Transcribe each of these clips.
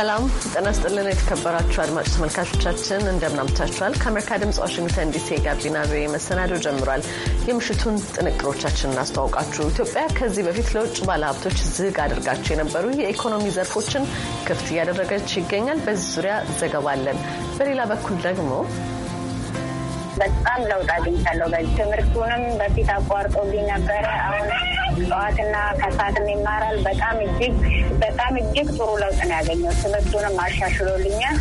ሰላም ጤና ይስጥልን። የተከበራችሁ አድማጭ ተመልካቾቻችን እንደምናምቻችኋል። ከአሜሪካ ድምጽ ዋሽንግተን ዲሲ የጋቢና ቪኦኤ መሰናዶ ጀምሯል። የምሽቱን ጥንቅሮቻችን እናስተዋውቃችሁ። ኢትዮጵያ ከዚህ በፊት ለውጭ ባለሀብቶች ዝግ አድርጋቸው የነበሩ የኢኮኖሚ ዘርፎችን ክፍት እያደረገች ይገኛል። በዚህ ዙሪያ ዘገባ አለን። በሌላ በኩል ደግሞ በጣም ለውጥ አግኝቻለሁ። በዚህ ትምህርቱንም በፊት አቋርጦልኝ ነበረ አሁን ጠዋትና ከሰዓትም ይማራል። በጣም እጅግ በጣም እጅግ ጥሩ ለውጥ ነው ያገኘው። ትምህርቱንም አሻሽሎልኛል።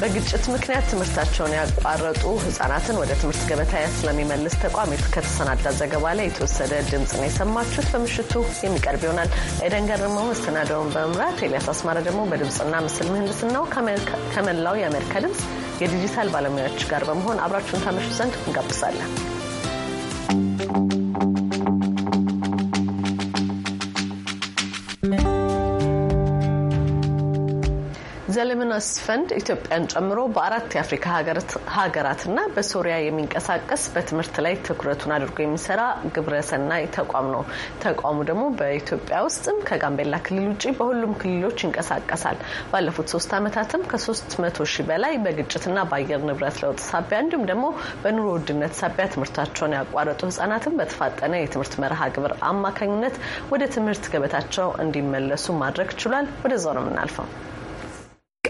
በግጭት ምክንያት ትምህርታቸውን ያቋረጡ ህጻናትን ወደ ትምህርት ገበታ ስለሚመልስ ተቋም ከተሰናዳ ዘገባ ላይ የተወሰደ ድምፅ ነው የሰማችሁት። በምሽቱ የሚቀርብ ይሆናል። ኤደን ገርመው መስተናደውን በመምራት ኤልያስ አስማረ ደግሞ በድምፅና ምስል ነው ከመላው የአሜሪካ ድምፅ የዲጂታል ባለሙያዎች ጋር በመሆን አብራችሁን ታመሹ ዘንድ እንጋብዛለን። ዓለምን አስፈንድ ኢትዮጵያን ጨምሮ በአራት የአፍሪካ ሀገራትና በሶሪያ የሚንቀሳቀስ በትምህርት ላይ ትኩረቱን አድርጎ የሚሰራ ግብረሰናይ ተቋም ነው። ተቋሙ ደግሞ በኢትዮጵያ ውስጥም ከጋምቤላ ክልል ውጭ በሁሉም ክልሎች ይንቀሳቀሳል። ባለፉት ሶስት ዓመታትም ከሶስት መቶ ሺህ በላይ በግጭትና በአየር ንብረት ለውጥ ሳቢያ እንዲሁም ደግሞ በኑሮ ውድነት ሳቢያ ትምህርታቸውን ያቋረጡ ህጻናትን በተፋጠነ የትምህርት መርሃ ግብር አማካኝነት ወደ ትምህርት ገበታቸው እንዲመለሱ ማድረግ ችሏል። ወደዛው ነው የምናልፈው።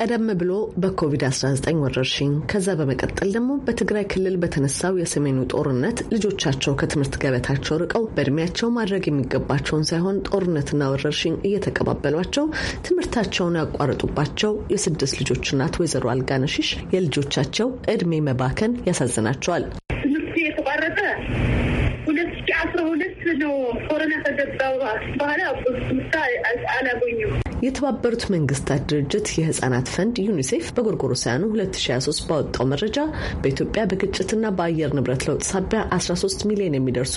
ቀደም ብሎ በኮቪድ-19 ወረርሽኝ ከዛ በመቀጠል ደግሞ በትግራይ ክልል በተነሳው የሰሜኑ ጦርነት ልጆቻቸው ከትምህርት ገበታቸው ርቀው በእድሜያቸው ማድረግ የሚገባቸውን ሳይሆን ጦርነትና ወረርሽኝ እየተቀባበሏቸው ትምህርታቸውን ያቋረጡባቸው የስድስት ልጆች እናት ወይዘሮ አልጋነሽሽ የልጆቻቸው እድሜ መባከን ያሳዝናቸዋል። የተቋረጠ ሁለት ሺ አስራ ሁለት ነው ኮሮና ከገባ በኋላ ምሳ አላገኙም የተባበሩት መንግስታት ድርጅት የህጻናት ፈንድ ዩኒሴፍ በጎርጎሮሳያኑ 2023 ባወጣው መረጃ በኢትዮጵያ በግጭትና በአየር ንብረት ለውጥ ሳቢያ 13 ሚሊዮን የሚደርሱ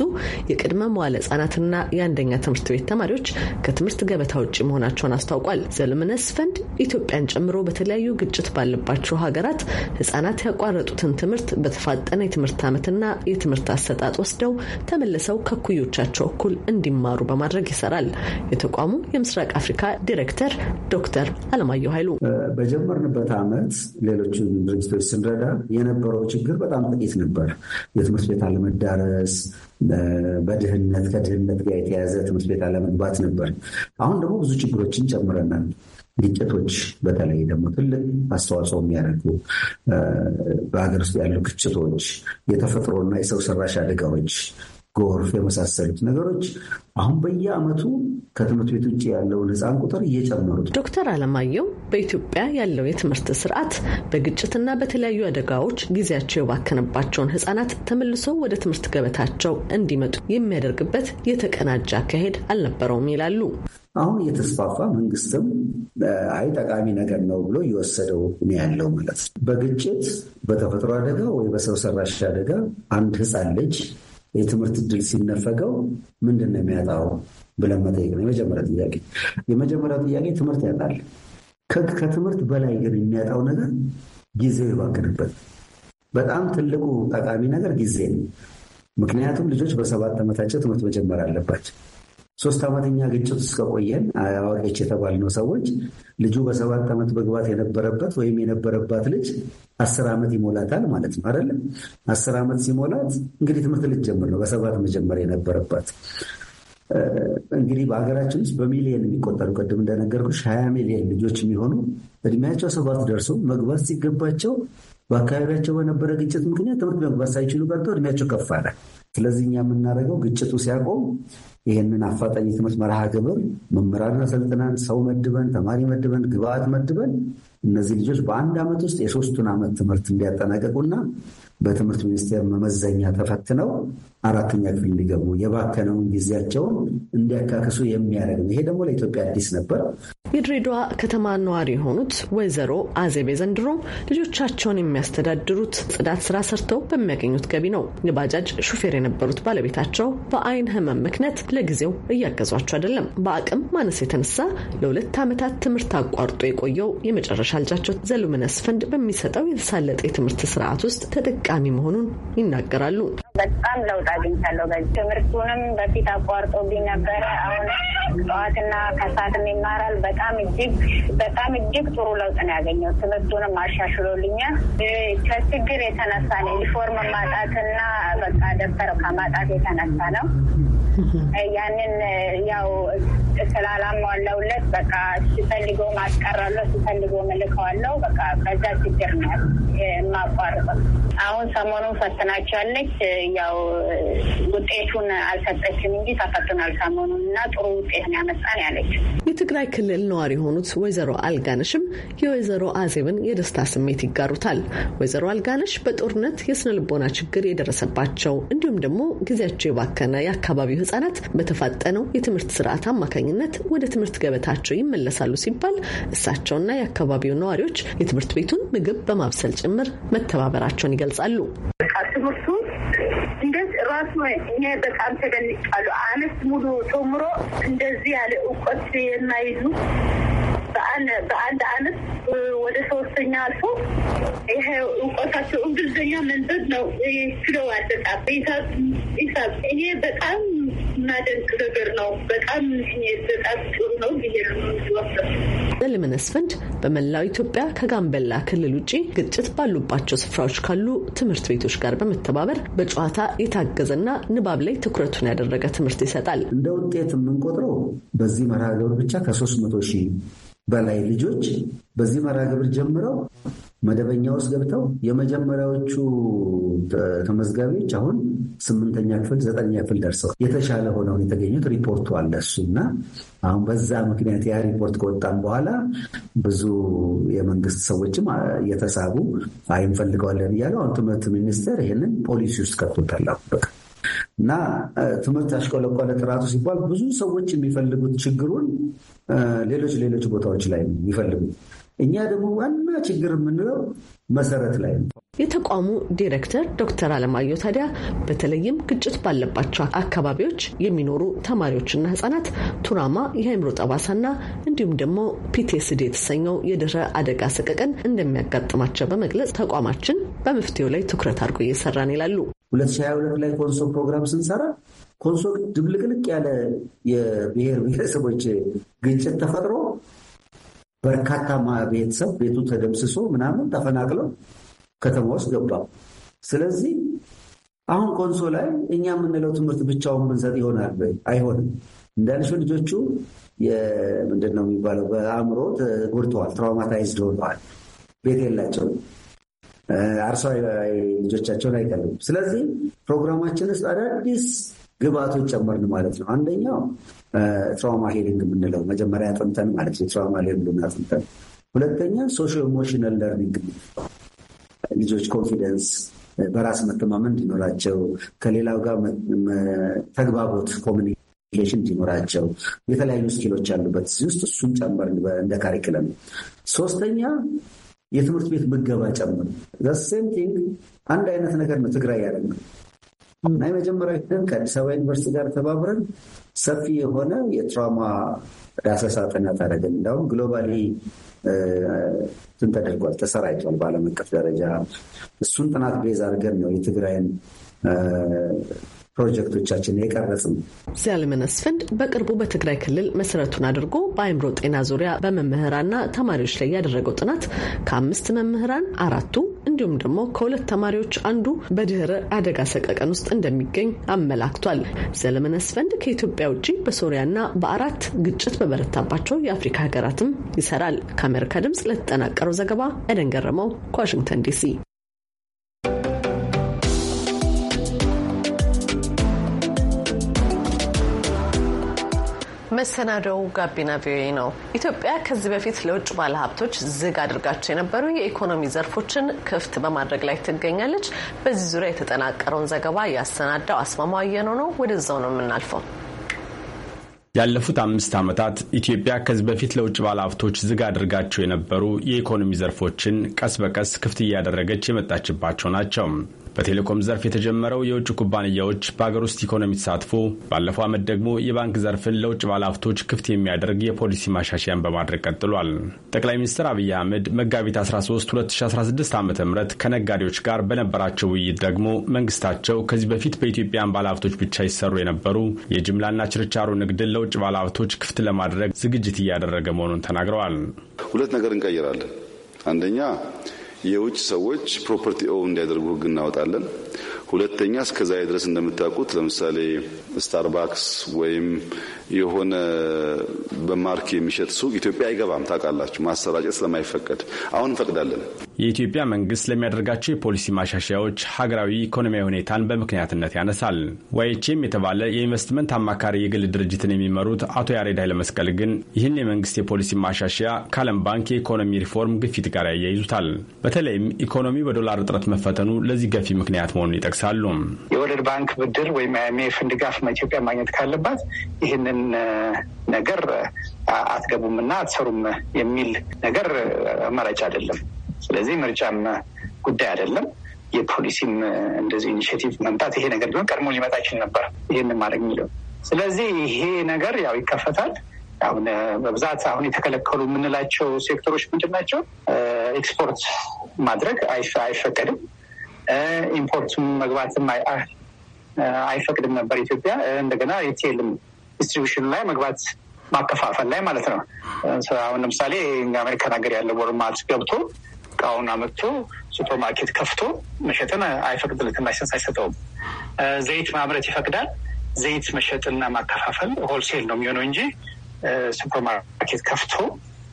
የቅድመ መዋለ ህጻናትና የአንደኛ ትምህርት ቤት ተማሪዎች ከትምህርት ገበታ ውጭ መሆናቸውን አስታውቋል። ዘልምነስ ፈንድ ኢትዮጵያን ጨምሮ በተለያዩ ግጭት ባለባቸው ሀገራት ህጻናት ያቋረጡትን ትምህርት በተፋጠነ የትምህርት ዓመትና የትምህርት አሰጣጥ ወስደው ተመልሰው ከኩዮቻቸው እኩል እንዲማሩ በማድረግ ይሰራል። የተቋሙ የምስራቅ አፍሪካ ዲሬክተር ዳይሬክተር ዶክተር አለማየሁ ኃይሉ በጀመርንበት ዓመት ሌሎችን ድርጅቶች ስንረዳ የነበረው ችግር በጣም ጥቂት ነበር። የትምህርት ቤት አለመዳረስ በድህነት ከድህነት ጋር የተያዘ ትምህርት ቤት አለመግባት ነበር። አሁን ደግሞ ብዙ ችግሮችን ጨምረናል። ግጭቶች በተለይ ደግሞ ትልቅ አስተዋጽኦ የሚያደርጉ በሀገር ውስጥ ያሉ ግጭቶች፣ የተፈጥሮና የሰው ሰራሽ አደጋዎች ጎርፍ የመሳሰሉት ነገሮች አሁን በየአመቱ ከትምህርት ቤት ውጭ ያለውን ህፃን ቁጥር እየጨመሩት። ዶክተር አለማየሁ በኢትዮጵያ ያለው የትምህርት ስርዓት በግጭትና በተለያዩ አደጋዎች ጊዜያቸው የባከነባቸውን ህጻናት ተመልሰው ወደ ትምህርት ገበታቸው እንዲመጡ የሚያደርግበት የተቀናጀ አካሄድ አልነበረውም ይላሉ። አሁን እየተስፋፋ መንግስትም አይ ጠቃሚ ነገር ነው ብሎ እየወሰደው ነው ያለው ማለት ነው። በግጭት በተፈጥሮ አደጋ ወይ በሰው ሰራሽ አደጋ አንድ ህፃን ልጅ የትምህርት እድል ሲነፈገው ምንድን ነው የሚያጣው ብለን መጠየቅ ነው የመጀመሪያ ጥያቄ። የመጀመሪያው ጥያቄ ትምህርት ያጣል። ከትምህርት በላይ ግን የሚያጣው ነገር ጊዜው ይባክንበት። በጣም ትልቁ ጠቃሚ ነገር ጊዜ ነው። ምክንያቱም ልጆች በሰባት ዓመታቸው ትምህርት መጀመር አለባቸው። ሶስት ዓመተኛ ግጭት ውስጥ ከቆየን አዋቂዎች የተባልነው ሰዎች ልጁ በሰባት ዓመት መግባት የነበረበት ወይም የነበረባት ልጅ አስር ዓመት ይሞላታል ማለት ነው አይደለም። አስር ዓመት ሲሞላት እንግዲህ ትምህርት ልትጀምር ነው። በሰባት መጀመር የነበረባት እንግዲህ በሀገራችን ውስጥ በሚሊየን የሚቆጠሩ ቅድም እንደነገርኩሽ ሀያ ሚሊየን ልጆች የሚሆኑ እድሜያቸው ሰባት ደርሶ መግባት ሲገባቸው በአካባቢያቸው በነበረ ግጭት ምክንያት ትምህርት መግባት ሳይችሉ ቀርቶ እድሜያቸው ከፍ አለ። ስለዚህ እኛ የምናደርገው ግጭቱ ሲያቆም ይህንን አፋጣኝ የትምህርት መርሃ ግብር መምህራን አሰልጥናን ሰው መድበን ተማሪ መድበን ግብአት መድበን እነዚህ ልጆች በአንድ ዓመት ውስጥ የሶስቱን ዓመት ትምህርት እንዲያጠናቀቁና በትምህርት ሚኒስቴር መመዘኛ ተፈትነው አራተኛ ክፍል እንዲገቡ የባከነውን ጊዜያቸውን እንዲያካክሱ የሚያደርግ ነው። ይሄ ደግሞ ለኢትዮጵያ አዲስ ነበር። የድሬዳዋ ከተማ ነዋሪ የሆኑት ወይዘሮ አዜቤ ዘንድሮ ልጆቻቸውን የሚያስተዳድሩት ጽዳት ስራ ሰርተው በሚያገኙት ገቢ ነው። የባጃጅ ሹፌር የነበሩት ባለቤታቸው በአይን ህመም ምክንያት ለጊዜው እያገዟቸው አይደለም። በአቅም ማነስ የተነሳ ለሁለት ዓመታት ትምህርት አቋርጦ የቆየው የመጨረሻ ልጃቸው ዘሉምነስ ፈንድ በሚሰጠው የተሳለጠ የትምህርት ስርዓት ውስጥ ተጠቃሚ መሆኑን ይናገራሉ። በጣም ለውጥ አግኝቻለሁ። በዚህ ትምህርቱንም በፊት አቋርጦብኝ ነበረ። አሁን ጠዋትና ከሰዓትም ይማራል። በጣም እጅግ በጣም እጅግ ጥሩ ለውጥ ነው ያገኘው። ትምህርቱንም አሻሽሎልኛል። ከችግር የተነሳ ነው ዩኒፎርም ማጣትና በቃ ደብተር ከማጣት የተነሳ ነው። ያንን ያው ስላላሟለውለት በቃ ሲፈልጎ ማስቀራለሁ፣ ሲፈልጎ እልከዋለሁ። በቃ በዛ ችግር ነው የማቋርጠው። አሁን ሰሞኑን ፈትናቸዋለች ያው ውጤቱን አልሰጠችም እንጂ ተፈትኗል ሰሞኑን እና ጥሩ ውጤትን ያመጣን ያለች። የትግራይ ክልል ነዋሪ የሆኑት ወይዘሮ አልጋነሽም የወይዘሮ አዜብን የደስታ ስሜት ይጋሩታል። ወይዘሮ አልጋነሽ በጦርነት የስነ ልቦና ችግር የደረሰባቸው እንዲሁም ደግሞ ጊዜያቸው የባከነ የአካባቢው ህጻናት በተፋጠነው የትምህርት ስርዓት አማካኝነት ወደ ትምህርት ገበታቸው ይመለሳሉ ሲባል እሳቸውና የአካባቢው ነዋሪዎች የትምህርት ቤቱን ምግብ በማብሰል ጭምር መተባበራቸውን ይገልጻሉ። ትምህርቱ ራሱ እኔ በጣም ተደንቃለሁ። አመት ሙሉ ተምሮ እንደዚህ ያለ እውቀት የማይዙ በአንድ አመት ወደ ሶስተኛ አልፎ ይሄ እውቀታቸው እንግሊዝኛ መንበብ ነው ችለዋል። በጣም ሂሳብ እኔ በጣም እናደንቅ ነገር ነው። በጣም በጣም ጥሩ ነው ብሄ በልመነስ ፈንድ በመላው ኢትዮጵያ ከጋምቤላ ክልል ውጭ ግጭት ባሉባቸው ስፍራዎች ካሉ ትምህርት ቤቶች ጋር በመተባበር በጨዋታ የታገዘና ንባብ ላይ ትኩረቱን ያደረገ ትምህርት ይሰጣል። እንደ ውጤት የምንቆጥረው በዚህ መርሃ ግብር ብቻ ከሶስት መቶ ሺህ በላይ ልጆች በዚህ መርሃ ግብር ጀምረው መደበኛ ውስጥ ገብተው የመጀመሪያዎቹ ተመዝጋቢዎች አሁን ስምንተኛ ክፍል ዘጠነኛ ክፍል ደርሰው የተሻለ ሆነው የተገኙት ሪፖርቱ አለ እሱ እና አሁን በዛ ምክንያት ያ ሪፖርት ከወጣም በኋላ ብዙ የመንግስት ሰዎችም እየተሳቡ አይንፈልገዋለን እንፈልገዋለን እያለው አሁን ትምህርት ሚኒስቴር ይህንን ፖሊሲ ውስጥ ከቶታል እና ትምህርት አሽቆለቆለ ጥራቱ ሲባል ብዙ ሰዎች የሚፈልጉት ችግሩን ሌሎች ሌሎች ቦታዎች ላይ ነው የሚፈልጉት እኛ ደግሞ ዋና ችግር የምንለው መሰረት ላይ ነው። የተቋሙ ዲሬክተር ዶክተር አለማየሁ ታዲያ በተለይም ግጭት ባለባቸው አካባቢዎች የሚኖሩ ተማሪዎችና ህጻናት ቱራማ የአእምሮ ጠባሳና እንዲሁም ደግሞ ፒቴስድ የተሰኘው የድህረ አደጋ ሰቀቀን እንደሚያጋጥማቸው በመግለጽ ተቋማችን በመፍትሄው ላይ ትኩረት አድርጎ እየሰራን ይላሉ። 2022 ላይ ኮንሶ ፕሮግራም ስንሰራ ኮንሶ ድብልቅልቅ ያለ የብሔር ብሔረሰቦች ግጭት ተፈጥሮ በርካታ ቤተሰብ ቤቱ ተደምስሶ ምናምን ተፈናቅለው ከተማ ውስጥ ገባ ስለዚህ አሁን ኮንሶ ላይ እኛ የምንለው ትምህርት ብቻውን ብንሰጥ ይሆናል አይሆንም። እንዳልሽው ልጆቹ ምንድነው የሚባለው በአእምሮ ጎድተዋል፣ ትራውማታይዝድ ሆነዋል። ቤት የላቸው አርሶ ልጆቻቸውን አይቀልም። ስለዚህ ፕሮግራማችን ውስጥ አዳዲስ ግብአቶች ጨመርን ማለት ነው። አንደኛው ትራውማ ሄሊንግ የምንለው መጀመሪያ አጥንተን ማለት የትራውማ ሄሊንግ አጥንተን፣ ሁለተኛ ሶሾ ኢሞሽናል ለርኒንግ ልጆች ኮንፊደንስ በራስ መተማመን እንዲኖራቸው ከሌላው ጋር ተግባቦት ኮሚኒኬሽን እንዲኖራቸው የተለያዩ ስኪሎች አሉበት እዚህ ውስጥ እሱም ጨምር እንደ ካሪክለም። ሶስተኛ የትምህርት ቤት ምገባ ጨምር ዘ ሴም ቲንግ አንድ አይነት ነገር ነው። ትግራይ ያለ ነው እና የመጀመሪያ ሂደን ከአዲስ አበባ ዩኒቨርሲቲ ጋር ተባብረን ሰፊ የሆነ የትራውማ ዳሰሳ ጥናት አደረግን። እንዲሁም ግሎባሊ ትን ተደርጓል፣ ተሰራይቷል በዓለም አቀፍ ደረጃ። እሱን ጥናት ቤዝ አድርገን ነው የትግራይን ፕሮጀክቶቻችን የቀረጽም። ነው። አስፈንድ በቅርቡ በትግራይ ክልል መሰረቱን አድርጎ በአእምሮ ጤና ዙሪያ በመምህራንና ተማሪዎች ላይ ያደረገው ጥናት ከአምስት መምህራን አራቱ እንዲሁም ደግሞ ከሁለት ተማሪዎች አንዱ በድህረ አደጋ ሰቀቀን ውስጥ እንደሚገኝ አመላክቷል። ዘለመን አስፈንድ ከኢትዮጵያ ውጭ በሶሪያና በአራት ግጭት በበረታባቸው የአፍሪካ ሀገራትም ይሰራል። ከአሜሪካ ድምጽ ለተጠናቀረው ዘገባ ኤደን ገረመው ከዋሽንግተን ዲሲ መሰናደው ጋቢና ቪኦኤ ነው። ኢትዮጵያ ከዚህ በፊት ለውጭ ባለሀብቶች ዝግ አድርጋቸው የነበሩ የኢኮኖሚ ዘርፎችን ክፍት በማድረግ ላይ ትገኛለች። በዚህ ዙሪያ የተጠናቀረውን ዘገባ ያሰናዳው አስማማው ነው ነው። ወደዛው ነው የምናልፈው። ያለፉት አምስት ዓመታት ኢትዮጵያ ከዚህ በፊት ለውጭ ባለሀብቶች ዝግ አድርጋቸው የነበሩ የኢኮኖሚ ዘርፎችን ቀስ በቀስ ክፍት እያደረገች የመጣችባቸው ናቸው። በቴሌኮም ዘርፍ የተጀመረው የውጭ ኩባንያዎች በአገር ውስጥ ኢኮኖሚ ተሳትፎ፣ ባለፈው ዓመት ደግሞ የባንክ ዘርፍን ለውጭ ባለሀብቶች ክፍት የሚያደርግ የፖሊሲ ማሻሻያን በማድረግ ቀጥሏል። ጠቅላይ ሚኒስትር አብይ አህመድ መጋቢት 13 2016 ዓ ም ከነጋዴዎች ጋር በነበራቸው ውይይት ደግሞ መንግስታቸው ከዚህ በፊት በኢትዮጵያን ባለሀብቶች ብቻ ይሰሩ የነበሩ የጅምላና ችርቻሮ ንግድን ለውጭ ባለሀብቶች ክፍት ለማድረግ ዝግጅት እያደረገ መሆኑን ተናግረዋል። ሁለት ነገር እንቀይራለን። አንደኛ የውጭ ሰዎች ፕሮፐርቲ ኦ እንዲያደርጉ ህግ እናወጣለን። ሁለተኛ እስከዛ ድረስ እንደምታውቁት ለምሳሌ ስታርባክስ ወይም የሆነ በማርክ የሚሸጥ ሱቅ ኢትዮጵያ አይገባም። ታውቃላችሁ፣ ማሰራጨት ስለማይፈቀድ አሁን እንፈቅዳለን። የኢትዮጵያ መንግስት ለሚያደርጋቸው የፖሊሲ ማሻሻያዎች ሀገራዊ ኢኮኖሚያዊ ሁኔታን በምክንያትነት ያነሳል። ዋይቼም የተባለ የኢንቨስትመንት አማካሪ የግል ድርጅትን የሚመሩት አቶ ያሬድ ኃይለመስቀል ግን ይህን የመንግስት የፖሊሲ ማሻሻያ ከዓለም ባንክ የኢኮኖሚ ሪፎርም ግፊት ጋር ያያይዙታል። በተለይም ኢኮኖሚ በዶላር እጥረት መፈተኑ ለዚህ ገፊ ምክንያት መሆኑን ይጠቅሳል። ይጠቅሳሉ። የወለድ ባንክ ብድር ወይም የአይኤምኤፍን ድጋፍ ኢትዮጵያ ማግኘት ካለባት ይህንን ነገር አትገቡም እና አትሰሩም የሚል ነገር አማራጭ አይደለም። ስለዚህ ምርጫም ጉዳይ አይደለም። የፖሊሲም እንደዚህ ኢኒሽቲቭ መምጣት ይሄ ነገር ቢሆን ቀድሞ ሊመጣ ይችል ነበር። ይህን ማድረግ የሚለው ስለዚህ ይሄ ነገር ያው ይከፈታል። አሁን በብዛት አሁን የተከለከሉ የምንላቸው ሴክተሮች ምንድን ናቸው? ኤክስፖርት ማድረግ አይፈቀድም። ኢምፖርቱም መግባትም አይፈቅድም ነበር ኢትዮጵያ። እንደገና ሪቴልም ዲስትሪቢሽን ላይ መግባት ማከፋፈል ላይ ማለት ነው። አሁን ለምሳሌ አሜሪካን ሀገር ያለ ወርማት ገብቶ እቃውን አመጥቶ ሱፐር ማርኬት ከፍቶ መሸጥን አይፈቅድለትም፣ ላይሰንስ አይሰጠውም። ዘይት ማምረት ይፈቅዳል። ዘይት መሸጥና ማከፋፈል ሆልሴል ነው የሚሆነው እንጂ ሱፐር ማርኬት ከፍቶ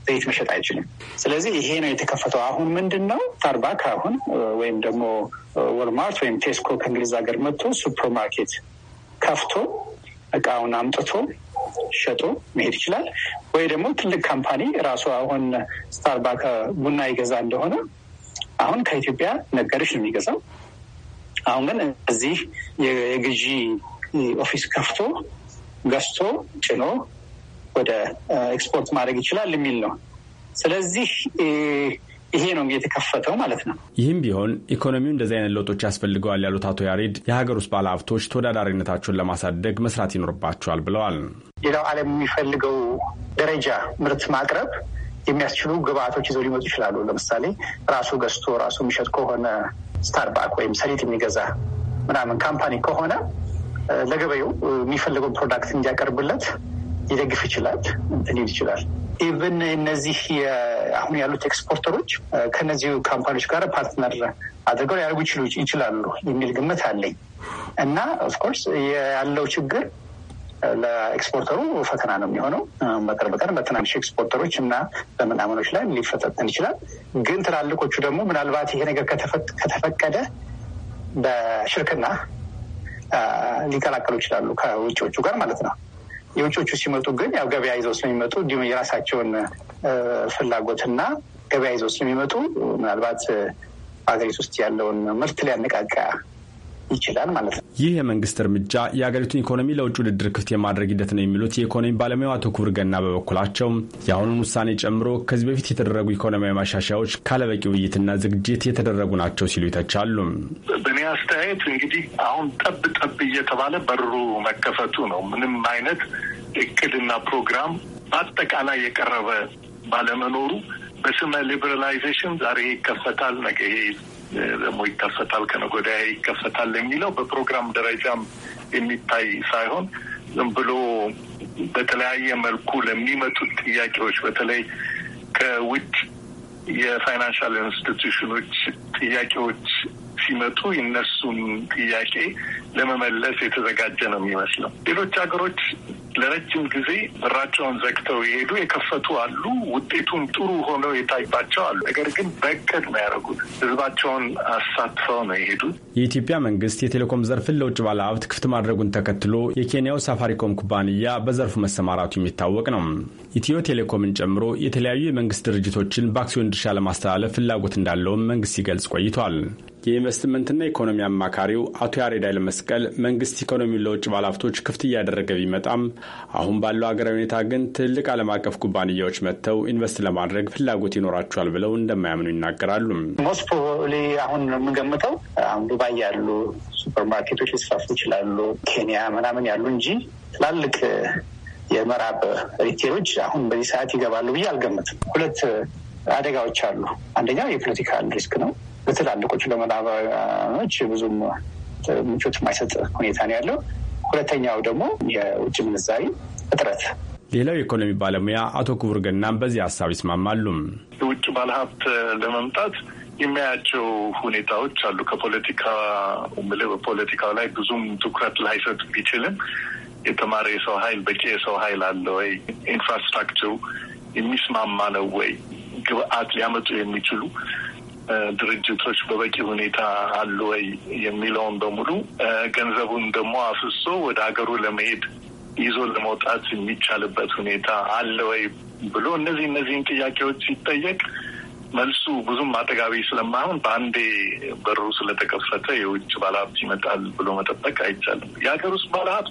ዘይት መሸጥ አይችልም። ስለዚህ ይሄ ነው የተከፈተው። አሁን ምንድን ነው ስታርባክ አሁን ወይም ደግሞ ወልማርት ወይም ቴስኮ ከእንግሊዝ ሀገር መጥቶ ሱፐር ማርኬት ከፍቶ እቃውን አምጥቶ ሸጦ መሄድ ይችላል። ወይ ደግሞ ትልቅ ካምፓኒ ራሱ አሁን ስታርባክ ቡና ይገዛ እንደሆነ አሁን ከኢትዮጵያ ነጋዴዎች ነው የሚገዛው። አሁን ግን እዚህ የግዢ ኦፊስ ከፍቶ ገዝቶ ጭኖ ወደ ኤክስፖርት ማድረግ ይችላል የሚል ነው። ስለዚህ ይሄ ነው የተከፈተው ማለት ነው። ይህም ቢሆን ኢኮኖሚው እንደዚህ አይነት ለውጦች ያስፈልገዋል ያሉት አቶ ያሬድ የሀገር ውስጥ ባለሀብቶች ተወዳዳሪነታቸውን ለማሳደግ መስራት ይኖርባቸዋል ብለዋል። ሌላው ዓለም የሚፈልገው ደረጃ ምርት ማቅረብ የሚያስችሉ ግብአቶች ይዘው ሊመጡ ይችላሉ። ለምሳሌ ራሱ ገዝቶ ራሱ የሚሸጥ ከሆነ ስታርባክ ወይም ሰሊጥ የሚገዛ ምናምን ካምፓኒ ከሆነ ለገበዩ የሚፈልገውን ፕሮዳክት እንዲያቀርብለት ሊደግፍ ይችላል ሊል ይችላል። ኢቨን እነዚህ አሁን ያሉት ኤክስፖርተሮች ከነዚህ ካምፓኒዎች ጋር ፓርትነር አድርገው ሊያደርጉ ይችላሉ የሚል ግምት አለኝ እና ኦፍኮርስ ያለው ችግር ለኤክስፖርተሩ ፈተና ነው የሚሆነው። በቅርብ ቀን በትናንሽ ኤክስፖርተሮች እና በምናምኖች ላይ ሊፈጠጥን ይችላል። ግን ትላልቆቹ ደግሞ ምናልባት ይሄ ነገር ከተፈቀደ በሽርክና ሊቀላቀሉ ይችላሉ ከውጭዎቹ ጋር ማለት ነው። የውጮቹ ሲመጡ ግን ያው ገበያ ይዘው ስለሚመጡ እንዲሁም የራሳቸውን ፍላጎትና ገበያ ይዘው ስለሚመጡ ምናልባት በሀገሪቱ ውስጥ ያለውን ምርት ሊያነቃቃ ይችላል ማለት ነው። ይህ የመንግስት እርምጃ የአገሪቱን ኢኮኖሚ ለውጭ ውድድር ክፍት የማድረግ ሂደት ነው የሚሉት የኢኮኖሚ ባለሙያው አቶ ክቡር ገና በበኩላቸው የአሁኑን ውሳኔ ጨምሮ ከዚህ በፊት የተደረጉ ኢኮኖሚያዊ ማሻሻያዎች ካለበቂ ውይይትና ዝግጅት የተደረጉ ናቸው ሲሉ ይተቻሉ። በእኔ አስተያየት እንግዲህ አሁን ጠብ ጠብ እየተባለ በሩ መከፈቱ ነው። ምንም አይነት እቅድና ፕሮግራም በአጠቃላይ የቀረበ ባለመኖሩ በስመ ሊበራላይዜሽን ዛሬ ይከፈታል ነገ ደግሞ ይከፈታል፣ ከነጎዳያ ይከፈታል የሚለው በፕሮግራም ደረጃም የሚታይ ሳይሆን ዝም ብሎ በተለያየ መልኩ ለሚመጡት ጥያቄዎች በተለይ ከውጭ የፋይናንሻል ኢንስቲትዩሽኖች ጥያቄዎች ሲመጡ የነሱን ጥያቄ ለመመለስ የተዘጋጀ ነው የሚመስለው። ሌሎች ሀገሮች ለረጅም ጊዜ በራቸውን ዘግተው የሄዱ የከፈቱ አሉ። ውጤቱን ጥሩ ሆነው የታይባቸው አሉ። ነገር ግን በእቅድ ነው ያደረጉት። ህዝባቸውን አሳትፈው ነው የሄዱት። የኢትዮጵያ መንግስት የቴሌኮም ዘርፍን ለውጭ ባለሀብት ክፍት ማድረጉን ተከትሎ የኬንያው ሳፋሪኮም ኩባንያ በዘርፉ መሰማራቱ የሚታወቅ ነው። ኢትዮ ቴሌኮምን ጨምሮ የተለያዩ የመንግስት ድርጅቶችን በአክሲዮን ድርሻ ለማስተላለፍ ፍላጎት እንዳለውም መንግስት ሲገልጽ ቆይቷል። የኢንቨስትመንትና ኢኮኖሚ አማካሪው አቶ ያሬድ ኃይለ መስቀል መንግስት ኢኮኖሚውን ለውጭ ባለሀብቶች ክፍት እያደረገ ቢመጣም አሁን ባለው ሀገራዊ ሁኔታ ግን ትልቅ ዓለም አቀፍ ኩባንያዎች መጥተው ኢንቨስት ለማድረግ ፍላጎት ይኖራቸዋል ብለው እንደማያምኑ ይናገራሉ። ሞስፖ አሁን የምንገምተው አሁን ዱባይ ያሉ ሱፐርማርኬቶች ሊስፋፉ ይችላሉ፣ ኬንያ ምናምን ያሉ እንጂ ትላልቅ የምዕራብ ሪቴሎች አሁን በዚህ ሰዓት ይገባሉ ብዬ አልገምትም። ሁለት አደጋዎች አሉ። አንደኛው የፖለቲካል ሪስክ ነው። ለትላልቆቹ ለምዕራባውያኖች ብዙም ምቾት የማይሰጥ ሁኔታ ነው ያለው። ሁለተኛው ደግሞ የውጭ ምንዛሪ እጥረት። ሌላው የኢኮኖሚ ባለሙያ አቶ ክቡር ገናም በዚህ ሀሳብ ይስማማሉ። የውጭ ባለሀብት ለመምጣት የሚያያቸው ሁኔታዎች አሉ። ከፖለቲካ በፖለቲካው ላይ ብዙም ትኩረት ላይሰጥ ቢችልም የተማረ የሰው ኃይል በቂ የሰው ኃይል አለ ወይ? ኢንፍራስትራክቸሩ የሚስማማ ነው ወይ? ግብአት ሊያመጡ የሚችሉ ድርጅቶች በበቂ ሁኔታ አሉ ወይ የሚለውን በሙሉ ገንዘቡን ደግሞ አፍሶ ወደ ሀገሩ ለመሄድ ይዞ ለመውጣት የሚቻልበት ሁኔታ አለ ወይ ብሎ እነዚህ እነዚህን ጥያቄዎች ሲጠየቅ መልሱ ብዙም አጠጋቢ ስለማይሆን በአንዴ በሩ ስለተከፈተ የውጭ ባለሀብት ይመጣል ብሎ መጠበቅ አይቻልም። የሀገር ውስጥ ባለሀብት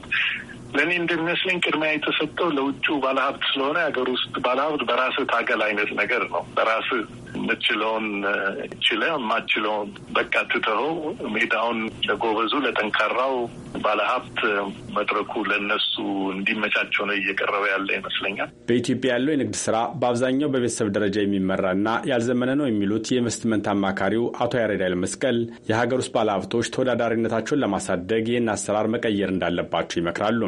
ለእኔ እንደሚመስለኝ ቅድሚያ የተሰጠው ለውጭ ባለሀብት ስለሆነ የሀገር ውስጥ ባለሀብት በራስህ ታገል አይነት ነገር ነው። በራስህ የምትችለውን ችለ የማትችለውን በቃ ትተኸው ሜዳውን ለጎበዙ ለጠንካራው ባለሀብት መድረኩ ለነሱ እንዲመቻቸው ነው እየቀረበ ያለ ይመስለኛል። በኢትዮጵያ ያለው የንግድ ስራ በአብዛኛው በቤተሰብ ደረጃ የሚመራና ያልዘመነ ነው የሚሉት የኢንቨስትመንት አማካሪው አቶ ያሬዳይል መስቀል የሀገር ውስጥ ባለሀብቶች ተወዳዳሪነታቸውን ለማሳደግ ይህን አሰራር መቀየር እንዳለባቸው ይመክራሉ።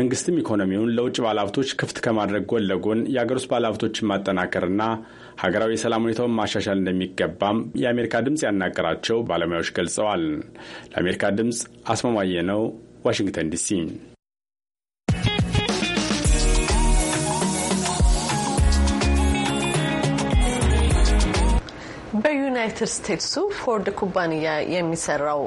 መንግስትም ኢኮኖሚውን ለውጭ ባለሀብቶች ክፍት ከማድረግ ጎን ለጎን የሀገር ውስጥ ባለሀብቶችን ማጠናከርና ሀገራዊ የሰላም ሁኔታውን ማሻሻል እንደሚገባም የአሜሪካ ድምፅ ያናገራቸው ባለሙያዎች ገልጸዋል። ለአሜሪካ ድምፅ አስማማየ ነው፣ ዋሽንግተን ዲሲ በዩናይትድ ስቴትሱ ፎርድ ኩባንያ የሚሰራው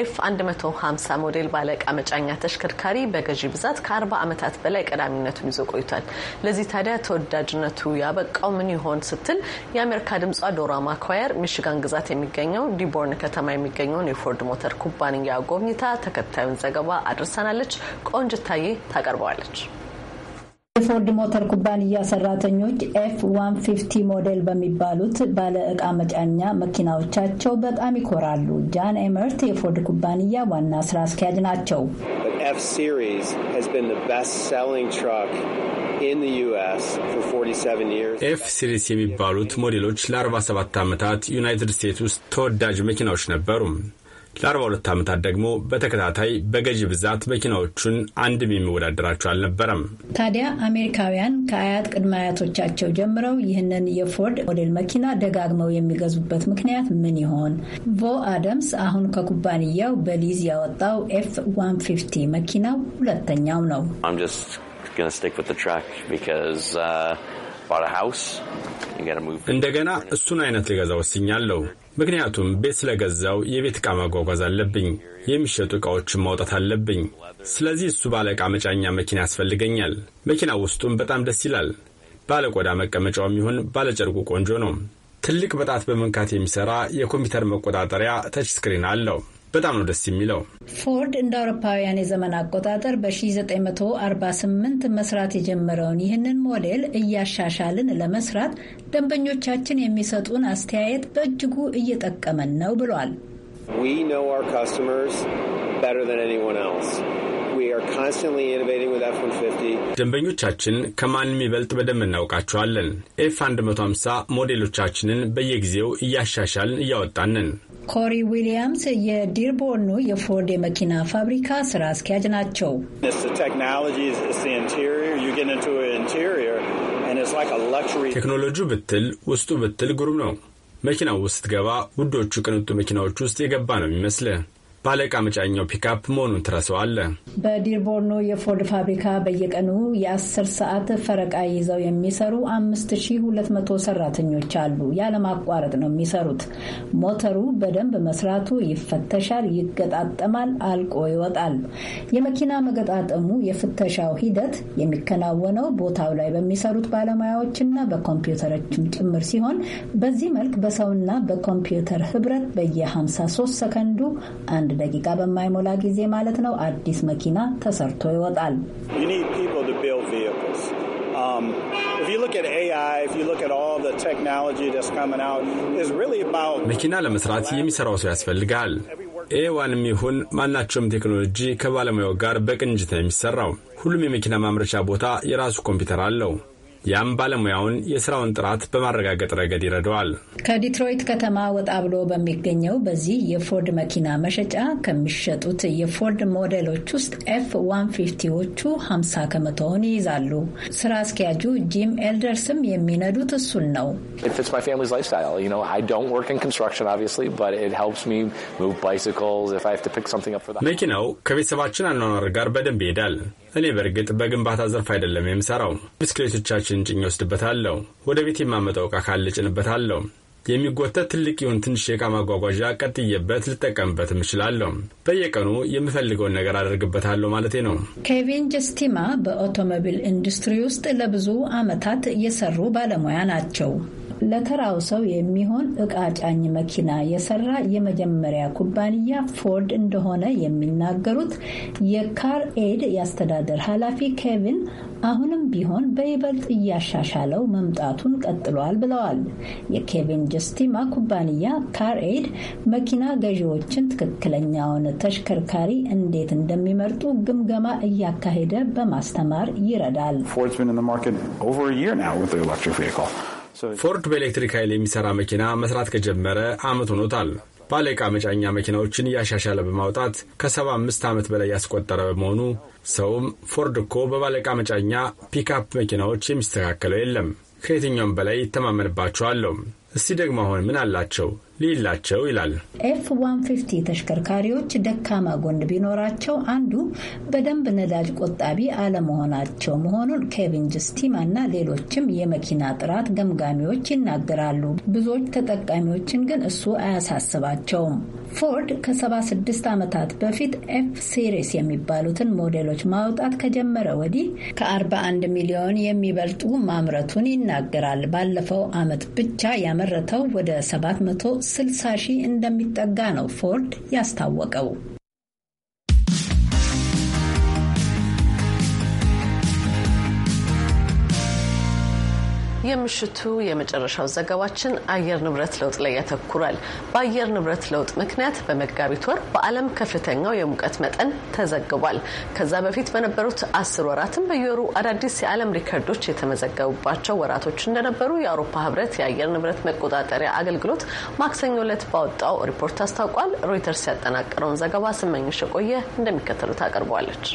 ኤፍ 150 ሞዴል ባለእቃ መጫኛ ተሽከርካሪ በገዢ ብዛት ከ40 ዓመታት በላይ ቀዳሚነቱን ይዞ ቆይቷል። ለዚህ ታዲያ ተወዳጅነቱ ያበቃው ምን ይሆን ስትል የአሜሪካ ድምጿ ዶራ ማኳየር ሚሽጋን ግዛት የሚገኘው ዲቦርን ከተማ የሚገኘውን የፎርድ ሞተር ኩባንያ ጎብኝታ ተከታዩን ዘገባ አድርሰናለች። ቆንጅታዬ ታቀርበዋለች። የፎርድ ሞተር ኩባንያ ሰራተኞች ኤፍ 150 ሞዴል በሚባሉት ባለ ዕቃ መጫኛ መኪናዎቻቸው በጣም ይኮራሉ። ጃን ኤመርት የፎርድ ኩባንያ ዋና ስራ አስኪያጅ ናቸው። ኤፍ ሲሪስ የሚባሉት ሞዴሎች ለ47 ዓመታት ዩናይትድ ስቴትስ ውስጥ ተወዳጅ መኪናዎች ነበሩ። ለአርባሁለት ዓመታት ደግሞ በተከታታይ በገዢ ብዛት መኪናዎቹን አንድም የሚወዳደራቸው አልነበረም። ታዲያ አሜሪካውያን ከአያት ቅድመ አያቶቻቸው ጀምረው ይህንን የፎርድ ሞዴል መኪና ደጋግመው የሚገዙበት ምክንያት ምን ይሆን? ቮ አደምስ አሁን ከኩባንያው በሊዝ ያወጣው ኤፍ 150 መኪናው ሁለተኛው ነው። uh, እንደገና እሱን አይነት ልገዛ ወስኛለሁ ምክንያቱም ቤት ስለገዛው የቤት ዕቃ ማጓጓዝ አለብኝ፣ የሚሸጡ ዕቃዎችን ማውጣት አለብኝ። ስለዚህ እሱ ባለ ዕቃ መጫኛ መኪና ያስፈልገኛል። መኪና ውስጡም በጣም ደስ ይላል። ባለ ቆዳ መቀመጫውም ይሁን ባለ ጨርቁ ቆንጆ ነው። ትልቅ በጣት በመንካት የሚሠራ የኮምፒውተር መቆጣጠሪያ ተች ስክሪን አለው። በጣም ነው ደስ የሚለው። ፎርድ እንደ አውሮፓውያን የዘመን አቆጣጠር በ1948 መስራት የጀመረውን ይህንን ሞዴል እያሻሻልን ለመስራት ደንበኞቻችን የሚሰጡን አስተያየት በእጅጉ እየጠቀመን ነው ብሏል። ደንበኞቻችን ከማንም ይበልጥ በደንብ እናውቃቸዋለን። ኤፍ 150 ሞዴሎቻችንን በየጊዜው እያሻሻልን እያወጣንን ኮሪ ዊሊያምስ የዲርቦርኑ የፎርድ የመኪና ፋብሪካ ስራ አስኪያጅ ናቸው። ቴክኖሎጂው ብትል ውስጡ ብትል ግሩም ነው። መኪናው ውስጥ ገባ ውዶቹ ቅንጡ መኪናዎች ውስጥ የገባ ነው የሚመስልህ። ባለቃ መጫኛው ፒካፕ መሆኑን ትረሰዋለ። በዲርቦርኖ የፎርድ ፋብሪካ በየቀኑ የአስር ሰዓት ፈረቃ ይዘው የሚሰሩ መቶ ሰራተኞች አሉ። ያለማቋረጥ ነው የሚሰሩት። ሞተሩ በደንብ መስራቱ ይፈተሻል፣ ይገጣጠማል፣ አልቆ ይወጣል። የመኪና መገጣጠሙ የፍተሻው ሂደት የሚከናወነው ቦታው ላይ በሚሰሩት ባለሙያዎችና በኮምፒውተሮችም ጭምር ሲሆን በዚህ መልክ በሰውና በኮምፒውተር ህብረት በየ53 ሰከንዱ አንድ ደቂቃ በማይሞላ ጊዜ ማለት ነው አዲስ መኪና ተሰርቶ ይወጣል። um, መኪና ለመስራት የሚሰራው ሰው ያስፈልጋል። ኤዋንም ይሁን ማናቸውም ቴክኖሎጂ ከባለሙያው ጋር በቅንጅት ነው የሚሰራው። ሁሉም የመኪና ማምረቻ ቦታ የራሱ ኮምፒውተር አለው። ያም ባለሙያውን የስራውን ጥራት በማረጋገጥ ረገድ ይረዳዋል። ከዲትሮይት ከተማ ወጣ ብሎ በሚገኘው በዚህ የፎርድ መኪና መሸጫ ከሚሸጡት የፎርድ ሞዴሎች ውስጥ ኤፍ 150ዎቹ 50 ከመቶውን ይይዛሉ። ስራ አስኪያጁ ጂም ኤልደርስም የሚነዱት እሱን ነው። መኪናው ከቤተሰባችን አኗኗር ጋር በደንብ ይሄዳል። እኔ በእርግጥ በግንባታ ዘርፍ አይደለም የምሰራው። ብስክሌቶቻችን ጭኝ ወስድበታለሁ። ወደ ቤት የማመጣው ዕቃ ካለ ጭንበታለሁ። የሚጎተት ትልቅ ይሁን ትንሽ የዕቃ ማጓጓዣ ቀጥዬበት ልጠቀምበት እችላለሁ። በየቀኑ የምፈልገውን ነገር አደርግበታለሁ ማለቴ ነው። ኬቪን ጀስቲማ በኦቶሞቢል ኢንዱስትሪ ውስጥ ለብዙ ዓመታት የሰሩ ባለሙያ ናቸው። ለተራው ሰው የሚሆን እቃ ጫኝ መኪና የሰራ የመጀመሪያ ኩባንያ ፎርድ እንደሆነ የሚናገሩት የካር ኤድ የአስተዳደር ኃላፊ ኬቪን አሁንም ቢሆን በይበልጥ እያሻሻለው መምጣቱን ቀጥሏል ብለዋል። የኬቪን ጀስቲማ ኩባንያ ካር ኤድ መኪና ገዢዎችን ትክክለኛውን ተሽከርካሪ እንዴት እንደሚመርጡ ግምገማ እያካሄደ በማስተማር ይረዳል። ፎርድ በኤሌክትሪክ ኃይል የሚሰራ መኪና መስራት ከጀመረ ዓመት ሆኖታል። ባለ መጫኛ መኪናዎችን እያሻሻለ በማውጣት ከ75 ዓመት በላይ ያስቆጠረ በመሆኑ ሰውም ፎርድ እኮ በባለቃ መጫኛ ፒክአፕ መኪናዎች የሚስተካከለው የለም ከየትኛውም በላይ ይተማመንባቸዋለሁ። እስቲ ደግሞ አሁን ምን አላቸው ሌላቸው ይላል። ኤፍ 150 ተሽከርካሪዎች ደካማ ጎን ቢኖራቸው አንዱ በደንብ ነዳጅ ቆጣቢ አለመሆናቸው መሆኑን ኬቪን ጅስቲማ እና ሌሎችም የመኪና ጥራት ገምጋሚዎች ይናገራሉ። ብዙዎች ተጠቃሚዎችን ግን እሱ አያሳስባቸውም። ፎርድ ከ76 ዓመታት በፊት ኤፍ ሲሪስ የሚባሉትን ሞዴሎች ማውጣት ከጀመረ ወዲህ ከ41 ሚሊዮን የሚበልጡ ማምረቱን ይናገራል። ባለፈው ዓመት ብቻ ያመረተው ወደ 700 60 ሺህ እንደሚጠጋ ነው ፎርድ ያስታወቀው። የምሽቱ የመጨረሻው ዘገባችን አየር ንብረት ለውጥ ላይ ያተኩራል። በአየር ንብረት ለውጥ ምክንያት በመጋቢት ወር በዓለም ከፍተኛው የሙቀት መጠን ተዘግቧል። ከዛ በፊት በነበሩት አስር ወራትም በየወሩ አዳዲስ የዓለም ሪከርዶች የተመዘገቡባቸው ወራቶች እንደነበሩ የአውሮፓ ህብረት የአየር ንብረት መቆጣጠሪያ አገልግሎት ማክሰኞ ዕለት ባወጣው ሪፖርት አስታውቋል። ሮይተርስ ያጠናቀረውን ዘገባ ስመኝሽ የቆየ እንደሚከተሉት አቅርበዋለች።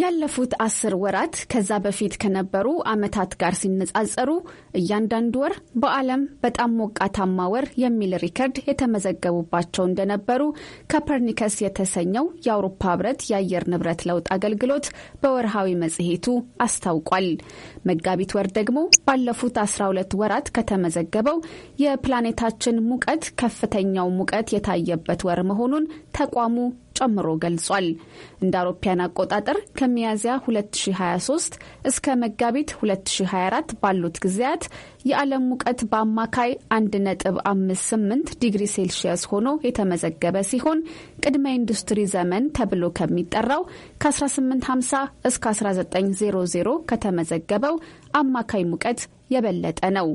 ያለፉት አስር ወራት ከዛ በፊት ከነበሩ ዓመታት ጋር ሲነጻጸሩ እያንዳንዱ ወር በዓለም በጣም ሞቃታማ ወር የሚል ሪከርድ የተመዘገቡባቸው እንደነበሩ ከፐርኒከስ የተሰኘው የአውሮፓ ሕብረት የአየር ንብረት ለውጥ አገልግሎት በወርሃዊ መጽሔቱ አስታውቋል። መጋቢት ወር ደግሞ ባለፉት 12 ወራት ከተመዘገበው የፕላኔታችን ሙቀት ከፍተኛው ሙቀት የታየበት ወር መሆኑን ተቋሙ ጨምሮ ገልጿል። እንደ አውሮፓያን አቆጣጠር ከሚያዝያ 2023 እስከ መጋቢት 2024 ባሉት ጊዜያት የዓለም ሙቀት በአማካይ 1.58 ዲግሪ ሴልሺየስ ሆኖ የተመዘገበ ሲሆን ቅድመ ኢንዱስትሪ ዘመን ተብሎ ከሚጠራው ከ1850 እስከ 1900 ከተመዘገበው አማካይ ሙቀት የበለጠ ነው።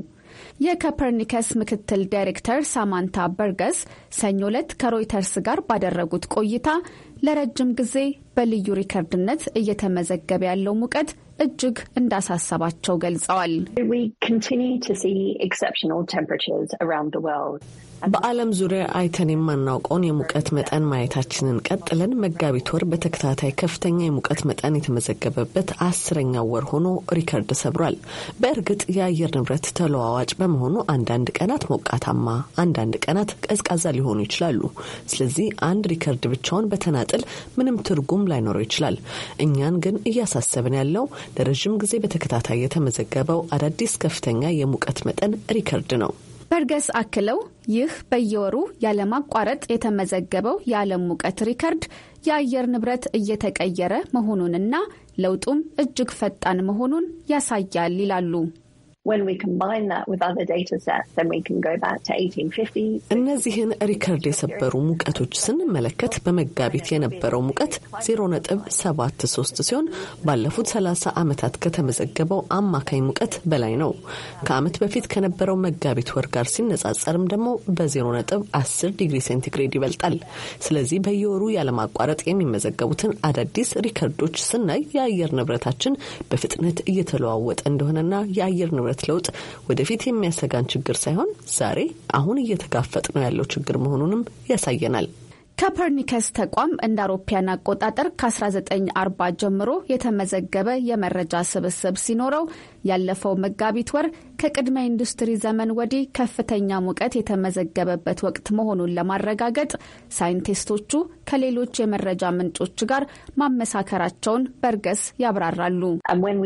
የኮፐርኒከስ ምክትል ዳይሬክተር ሳማንታ በርገስ ሰኞ ዕለት ከሮይተርስ ጋር ባደረጉት ቆይታ ለረጅም ጊዜ በልዩ ሪከርድነት እየተመዘገበ ያለው ሙቀት እጅግ እንዳሳሰባቸው ገልጸዋል። በዓለም ዙሪያ አይተን የማናውቀውን የሙቀት መጠን ማየታችንን ቀጥለን መጋቢት ወር በተከታታይ ከፍተኛ የሙቀት መጠን የተመዘገበበት አስረኛው ወር ሆኖ ሪከርድ ሰብሯል። በእርግጥ የአየር ንብረት ተለዋዋጭ በመሆኑ አንዳንድ ቀናት ሞቃታማ፣ አንዳንድ ቀናት ቀዝቃዛ ሊሆኑ ይችላሉ። ስለዚህ አንድ ሪከርድ ብቻውን በተናጥል ምንም ትርጉም ላይኖረው ይችላል። እኛን ግን እያሳሰብን ያለው ለረዥም ጊዜ በተከታታይ የተመዘገበው አዳዲስ ከፍተኛ የሙቀት መጠን ሪከርድ ነው። በርገስ አክለው ይህ በየወሩ ያለማቋረጥ የተመዘገበው የዓለም ሙቀት ሪከርድ የአየር ንብረት እየተቀየረ መሆኑንና ለውጡም እጅግ ፈጣን መሆኑን ያሳያል ይላሉ። እነዚህን ሪከርድ የሰበሩ ሙቀቶች ስንመለከት በመጋቢት የነበረው ሙቀት 0.73 ሲሆን ባለፉት 30 ዓመታት ከተመዘገበው አማካኝ ሙቀት በላይ ነው። ከዓመት በፊት ከነበረው መጋቢት ወር ጋር ሲነጻጸርም ደግሞ በ0.10 ዲግሪ ሴንቲግሬድ ይበልጣል። ስለዚህ በየወሩ ያለማቋረጥ የሚመዘገቡትን አዳዲስ ሪከርዶች ስናይ የአየር ንብረታችን በፍጥነት እየተለዋወጠ እንደሆነና የአየር ንብረ ንብረት ለውጥ ወደፊት የሚያሰጋን ችግር ሳይሆን ዛሬ አሁን እየተጋፈጥ ነው ያለው ችግር መሆኑንም ያሳየናል። ከፐርኒከስ ተቋም እንደ አውሮፓያን አቆጣጠር ከ1940 ጀምሮ የተመዘገበ የመረጃ ስብስብ ሲኖረው ያለፈው መጋቢት ወር ከቅድመ ኢንዱስትሪ ዘመን ወዲህ ከፍተኛ ሙቀት የተመዘገበበት ወቅት መሆኑን ለማረጋገጥ ሳይንቲስቶቹ ከሌሎች የመረጃ ምንጮች ጋር ማመሳከራቸውን በርገስ ያብራራሉ። uh,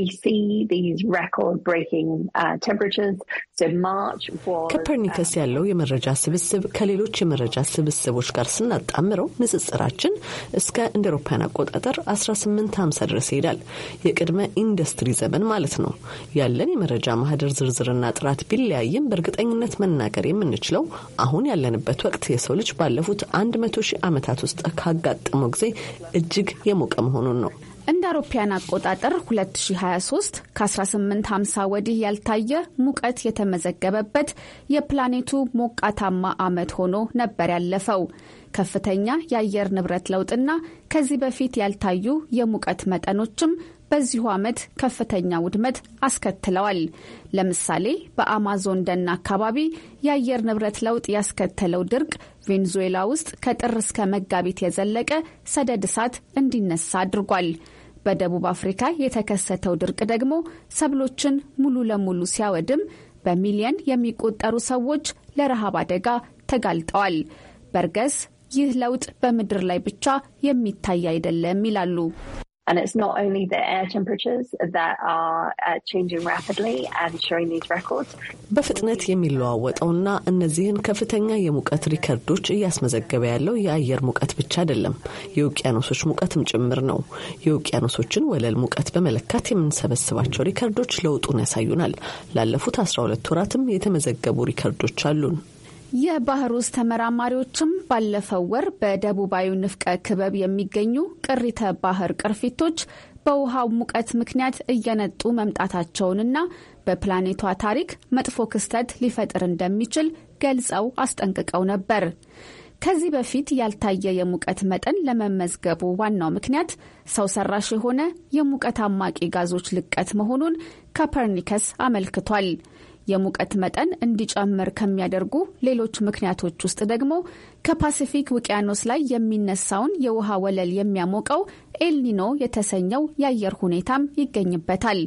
ኮፐርኒከስ uh, ያለው የመረጃ ስብስብ ከሌሎች የመረጃ ስብስቦች ጋር ስናጣምረው ንጽጽራችን እስከ እንደ አውሮፓውያን አቆጣጠር 1850 ድረስ ይሄዳል። የቅድመ ኢንዱስትሪ ዘመን ማለት ነው። ያለን የመረጃ ማህደር ዝርዝርና ጥራት ቢለያይም በእርግጠኝነት መናገር የምንችለው አሁን ያለንበት ወቅት የሰው ልጅ ባለፉት አንድ መቶ ሺህ ዓመታት ውስጥ ካጋጠመው ጊዜ እጅግ የሞቀ መሆኑን ነው። እንደ አውሮፓያን አቆጣጠር 2023 ከ1850 ወዲህ ያልታየ ሙቀት የተመዘገበበት የፕላኔቱ ሞቃታማ ዓመት ሆኖ ነበር ያለፈው። ከፍተኛ የአየር ንብረት ለውጥና ከዚህ በፊት ያልታዩ የሙቀት መጠኖችም በዚሁ ዓመት ከፍተኛ ውድመት አስከትለዋል። ለምሳሌ በአማዞን ደን አካባቢ የአየር ንብረት ለውጥ ያስከተለው ድርቅ ቬንዙዌላ ውስጥ ከጥር እስከ መጋቢት የዘለቀ ሰደድ እሳት እንዲነሳ አድርጓል። በደቡብ አፍሪካ የተከሰተው ድርቅ ደግሞ ሰብሎችን ሙሉ ለሙሉ ሲያወድም በሚሊየን የሚቆጠሩ ሰዎች ለረሃብ አደጋ ተጋልጠዋል። በርገስ ይህ ለውጥ በምድር ላይ ብቻ የሚታይ አይደለም ይላሉ። And it's not only the air temperatures that are uh, changing rapidly and showing these records. በፍጥነት የሚለዋወጠውና እነዚህን ከፍተኛ የሙቀት ሪከርዶች እያስመዘገበ ያለው የአየር ሙቀት ብቻ አይደለም፣ የውቅያኖሶች ሙቀትም ጭምር ነው። የውቅያኖሶችን ወለል ሙቀት በመለካት የምንሰበስባቸው ሪከርዶች ለውጡን ያሳዩናል። ላለፉት ሁለት ወራትም የተመዘገቡ ሪከርዶች አሉን። የባህር ውስጥ ተመራማሪዎችም ባለፈው ወር በደቡባዊ ንፍቀ ክበብ የሚገኙ ቅሪተ ባህር ቅርፊቶች በውሃው ሙቀት ምክንያት እየነጡ መምጣታቸውንና በፕላኔቷ ታሪክ መጥፎ ክስተት ሊፈጥር እንደሚችል ገልጸው አስጠንቅቀው ነበር። ከዚህ በፊት ያልታየ የሙቀት መጠን ለመመዝገቡ ዋናው ምክንያት ሰው ሰራሽ የሆነ የሙቀት አማቂ ጋዞች ልቀት መሆኑን ኮፐርኒከስ አመልክቷል። የሙቀት መጠን እንዲጨምር ከሚያደርጉ ሌሎች ምክንያቶች ውስጥ ደግሞ ከፓሲፊክ ውቅያኖስ ላይ የሚነሳውን የውሃ ወለል የሚያሞቀው ኤልኒኖ የተሰኘው የአየር ሁኔታም ይገኝበታል።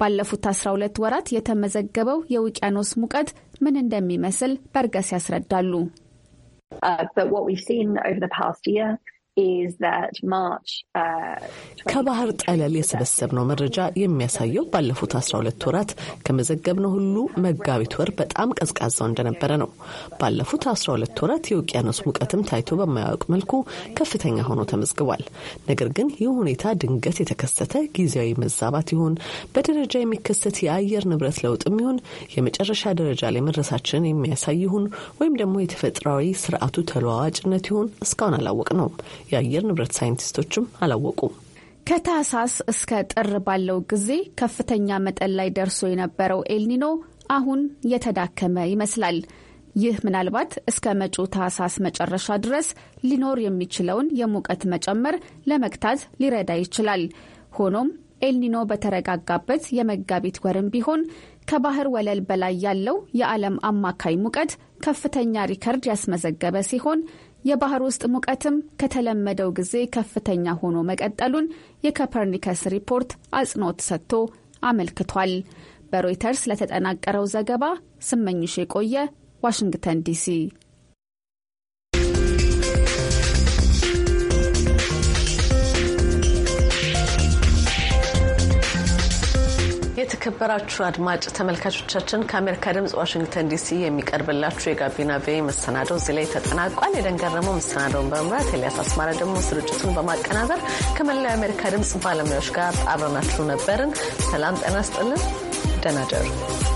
ባለፉት 12 ወራት የተመዘገበው የውቅያኖስ ሙቀት ምን እንደሚመስል በርገስ ያስረዳሉ። uh, Uh, ከባህር ጠለል የሰበሰብነው መረጃ የሚያሳየው ባለፉት 12 ወራት ከመዘገብነው ሁሉ መጋቢት ወር በጣም ቀዝቃዛው እንደነበረ ነው። ባለፉት 12 ወራት የውቅያኖስ ሙቀትም ታይቶ በማያውቅ መልኩ ከፍተኛ ሆኖ ተመዝግቧል። ነገር ግን ይህ ሁኔታ ድንገት የተከሰተ ጊዜያዊ መዛባት ይሆን፣ በደረጃ የሚከሰት የአየር ንብረት ለውጥም ይሁን፣ የመጨረሻ ደረጃ ላይ መድረሳችንን የሚያሳይ ይሁን፣ ወይም ደግሞ የተፈጥሯዊ ስርዓቱ ተለዋዋጭነት ይሁን እስካሁን አላወቅ ነው። የአየር ንብረት ሳይንቲስቶችም አላወቁም። ከታህሳስ እስከ ጥር ባለው ጊዜ ከፍተኛ መጠን ላይ ደርሶ የነበረው ኤልኒኖ አሁን የተዳከመ ይመስላል። ይህ ምናልባት እስከ መጪው ታህሳስ መጨረሻ ድረስ ሊኖር የሚችለውን የሙቀት መጨመር ለመግታት ሊረዳ ይችላል። ሆኖም ኤልኒኖ በተረጋጋበት የመጋቢት ወርም ቢሆን ከባህር ወለል በላይ ያለው የዓለም አማካይ ሙቀት ከፍተኛ ሪከርድ ያስመዘገበ ሲሆን የባህር ውስጥ ሙቀትም ከተለመደው ጊዜ ከፍተኛ ሆኖ መቀጠሉን የኮፐርኒከስ ሪፖርት አጽንኦት ሰጥቶ አመልክቷል። በሮይተርስ ለተጠናቀረው ዘገባ ስመኝሽ የቆየ ዋሽንግተን ዲሲ የተከበራችሁ አድማጭ ተመልካቾቻችን ከአሜሪካ ድምጽ ዋሽንግተን ዲሲ የሚቀርብላችሁ የጋቢና ቪ መሰናደው እዚህ ላይ ተጠናቋል። የደንገረመው መሰናደውን በመምራት ኤልያስ አስማራ ደግሞ ስርጭቱን በማቀናበር ከመላው የአሜሪካ ድምጽ ባለሙያዎች ጋር አብረናችሁ ነበርን። ሰላም ጤና ስጥልን። ደህና ደሩ።